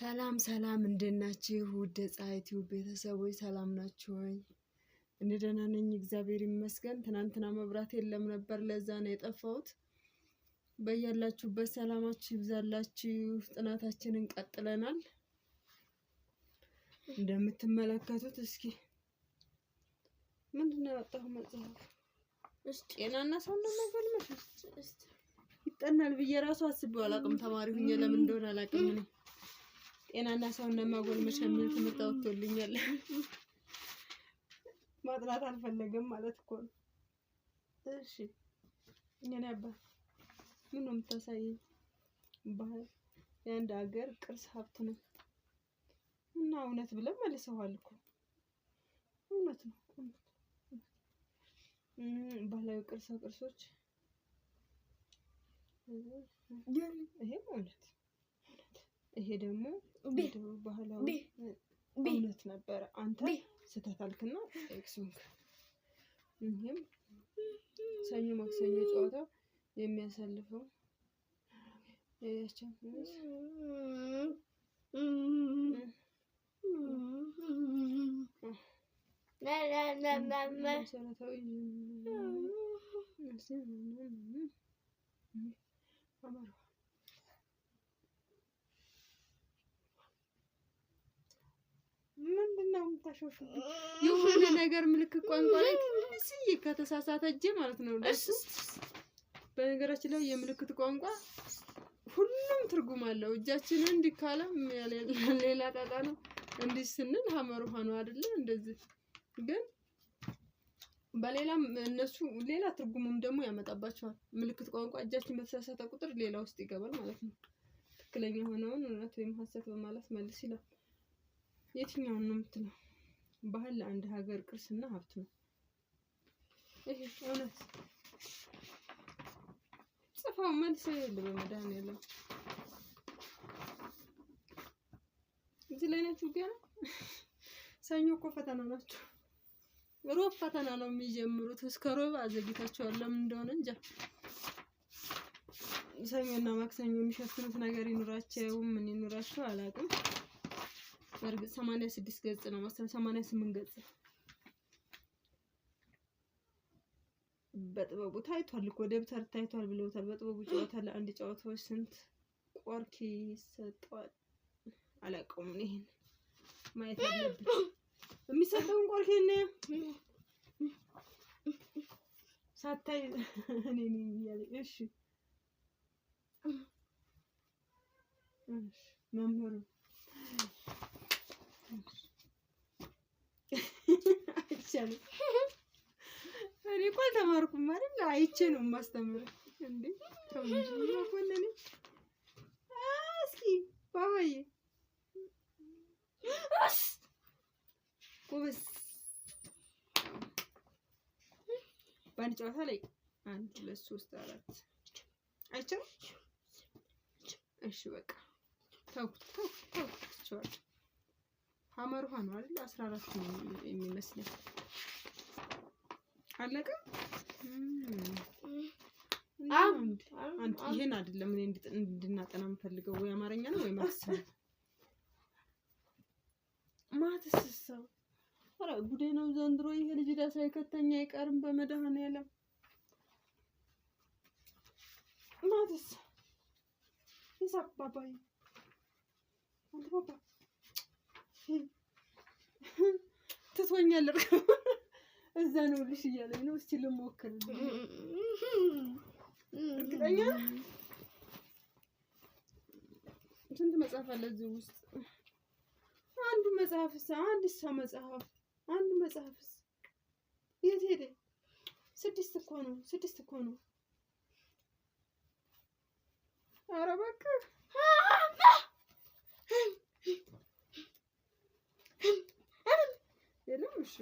ሰላም ሰላም፣ እንደናችሁ ናችሁ? ውድ ፀሐይ ቲዩብ ቤተሰቦች ሰላም ናችሁ ወይ? እኔ ደህና ነኝ፣ እግዚአብሔር ይመስገን። ትናንትና መብራት የለም ነበር፣ ለዛ ነው የጠፋሁት። በያላችሁበት ሰላማችሁ ይብዛላችሁ። ጥናታችንን ቀጥለናል። እንደምትመለከቱት እስኪ ምንድን ነው ያወጣሁ መጽሐፍ ውስጥ ጤናና ሰውነት ነገር ይጠናል ብዬ ራሱ አስቤው አላውቅም። ተማሪ ሁኜ ለምን እንደሆነ አላውቅም ነው ጤናና ሰውነት ማጎልመሻ የሚል ትምህርት አወጥቶልኛል። ማጥናት አልፈለገም ማለት እኮ ነው። እሺ እኔን አባ ምን ነው የምታሳየኝ? ባህል የአንድ ሀገር ቅርስ ሀብት ነው እና እውነት ብለን መልሰዋል እኮ እውነት ነው። ባህላዊ ቅርሳ ቅርሶች ይሄ እውነት ይሄ ደግሞ ባህላዊ እውነት ነበረ። አንተ ስህተት አልክና ኤክሶንክ ይህም ሰኞ ማክሰኞ ጨዋታ የሚያሳልፈው መሰረታዊ የሆነ ነገር ምልክት ቋንቋ ላይ ትንሽዬ ከተሳሳተ እጄ ማለት ነው። በነገራችን ላይ የምልክት ቋንቋ ሁሉም ትርጉም አለው። እጃችን እንዲህ ካለ ሌላ ጣጣ ነው። እንዲህ ስንል ሀመር ውሃ ነው አይደለ? እንደዚህ ግን በሌላም እነሱ ሌላ ትርጉሙም ደግሞ ያመጣባቸዋል። ምልክት ቋንቋ እጃችን በተሳሳተ ቁጥር ሌላ ውስጥ ይገባል ማለት ነው። ትክክለኛ የሆነውን እውነት ወይም ሀሰት በማለት መልስ ይላል። የትኛውን ነው የምትለው? ባህል ለአንድ ሀገር ቅርስና ሀብት ነው። ይሄ እውነት ጽፋው መልስ የለ በመድኃኒዓለም እዚህ ላይ ናችሁ። ገና ሰኞ እኮ ፈተና ናቸው። ሮብ ፈተና ነው የሚጀምሩት። እስከ ሮብ አዘግይታችኋል። ለምን እንደሆነ እንጃ። ሰኞና ማክሰኞ የሚሸፍኑት ነገር ይኑራቸው ምን ይኑራቸው አላውቅም። በእርግጥ ሰማንያ ስድስት ገጽ ነው መሰለኝ ሰማንያ ስምንት ገጽ በጥበቡ ታይቷል እኮ ደብተር ታይቷል ብለውታል። በጥበቡ ጨዋታ ለአንድ ጨዋታዎች ስንት ቆርኪ ይሰጠዋል? አላውቀውም። ይሄን ማየት አለብን። የሚሰጠውን ቆርኪ ነ ሳታይ እኔ ነኝ እያለኝ እሺ መምህሩ አይቻልም። እኔ እኮ አልተማርኩም ማለት አይቼ ነው የማስተምረው። እንዴ ተው እንጂ እስኪ ባባዬ ጎበዝ። በአንድ ጨዋታ ላይ አንድ ሁለት ሶስት አራት አይቻልም። እሺ በቃ ተው ተው ተው ሀመር ውሃ ነው አይደል? 14 ነው የሚመስለኝ። አለቀ። አንተ ይሄን አይደለም እኔ እንድናጠና የምፈልገው ወይ አማርኛ ነው ወይ ማትስ ነው። ማትስ ሰው ኧረ ጉዴ ነው ዘንድሮ። ይሄ ልጅ ዳ ሳይከተኛ አይቀርም በመድኃኔዓለም ማትስ ባባይ አንተ ባባ ትቶኛል። እዛ ነው ልሽ እያለኝ ነው። እስቲ ልሞክር። እርግጠኛ ስንት መጽሐፍ አለ እዚህ ውስጥ? አንዱ መጽሐፍስ አንድስ መጽሐፍ አንድ መጽሐፍስ የት ሄደ? ስድስት እኮ ነው። ስድስት እኮ ነው። አረ በቃ እሺ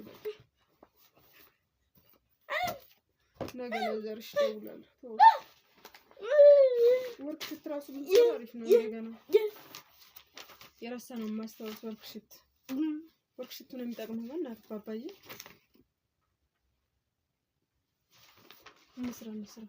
ነገ ዘርሽ ደውላለሁ። ወርክሽት ራሱ ብንሰራ አሪፍ ነው። እንደገና የረሳነው ማስታወስ ወርክሽት ወርክሽቱ ነው የሚጠቅመው። በእናትህ ባባዬ እንስራ እንስራ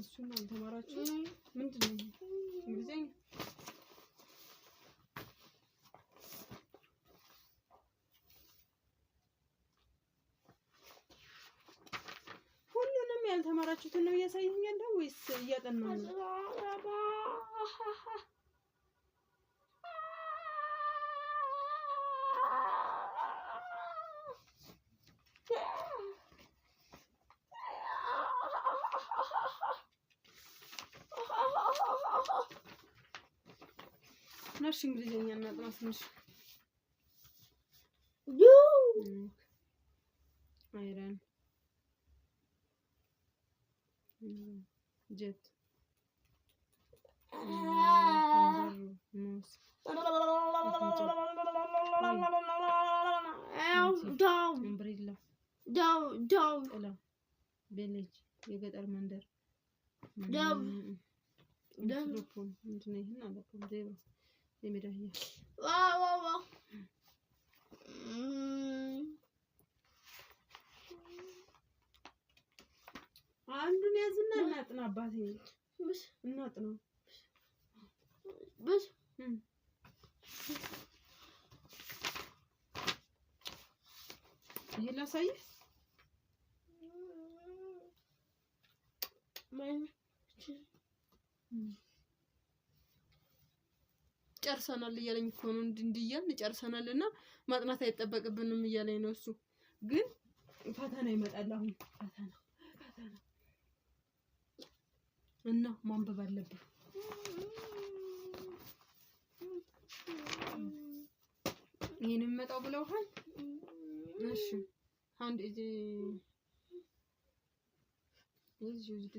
እሱን አልተማራችሁ ምንድን ነው እንግሊዘኛ? ሁሉንም ያልተማራችሁትን ነው እያሳየኝ ያለው ወይስ እያጠናሁ ነው? Bunlar şıngırıcının yanına da asılmış. Yok. Ayran. Hmm. Jet. امبريلا داو داو لا بيلج يقدر مندر داو داو هنا داو የሜዳ አህያ hmm. አንዱን ያዝና እናጥና አባቴ እናጥና ብስ ይሄ ላሳይህ ጨርሰናል እያለኝ እኮ ነው እንድንድያል ጨርሰናል እና ማጥናት አይጠበቅብንም እያለኝ ነው እሱ። ግን ፈተና ይመጣል አሁን ፈተና እና ማንበብ አለብን። ይህን የምመጣው ብለውሃል። እሺ አንድ እዚህ እዚህ እዚህ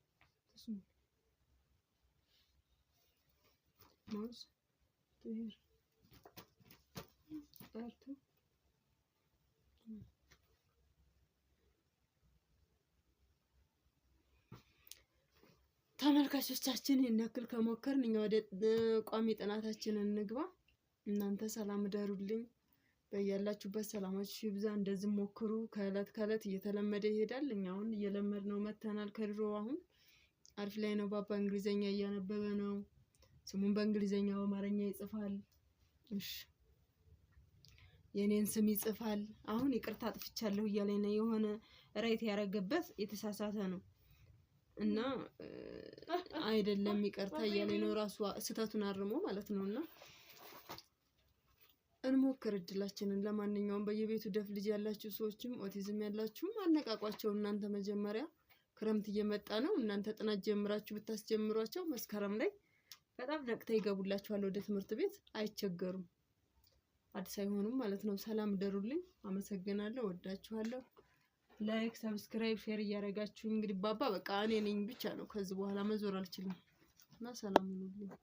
small. Nose to here. ተመልካቾቻችን ይህን ያክል ከሞከርን እኛ ወደ ቋሚ ጥናታችን እንግባ። እናንተ ሰላም እደሩልኝ። በያላችሁበት ሰላማችሁ ይብዛ። እንደዚህ ሞክሩ። ከእለት ከእለት እየተለመደ ይሄዳል። እኛ አሁን እየለመድ ነው መተናል ከድሮ አሁን አሪፍ ላይ ነው። ፓፓ እንግሊዘኛ እያነበበ ነው። ስሙን በእንግሊዘኛ በአማርኛ ይጽፋል። እሺ የኔን ስም ይጽፋል። አሁን ይቅርታ አጥፍቻለሁ እያለኝ ነው። የሆነ ራይት ያረገበት የተሳሳተ ነው እና አይደለም ይቅርታ እያለኝ ነው። ራሱ ስህተቱን አርሞ ማለት ነው። እና እንሞክር እድላችንን። ለማንኛውም በየቤቱ ደፍ ልጅ ያላችሁ ሰዎችም ኦቲዝም ያላችሁም አነቃቋቸው እናንተ መጀመሪያ ክረምት እየመጣ ነው። እናንተ ጥናት ጀምራችሁ ብታስጀምሯቸው መስከረም ላይ በጣም ነቅተው ይገቡላችኋል ወደ ትምህርት ቤት፣ አይቸገሩም፣ አዲስ አይሆኑም ማለት ነው። ሰላም ደሩልኝ። አመሰግናለሁ፣ ወዳችኋለሁ። ላይክ፣ ሰብስክራይብ፣ ሼር እያደረጋችሁ እንግዲህ ባባ በቃ እኔ ነኝ ብቻ ነው። ከዚህ በኋላ መዞር አልችልም እና ሰላም ሁኑልኝ።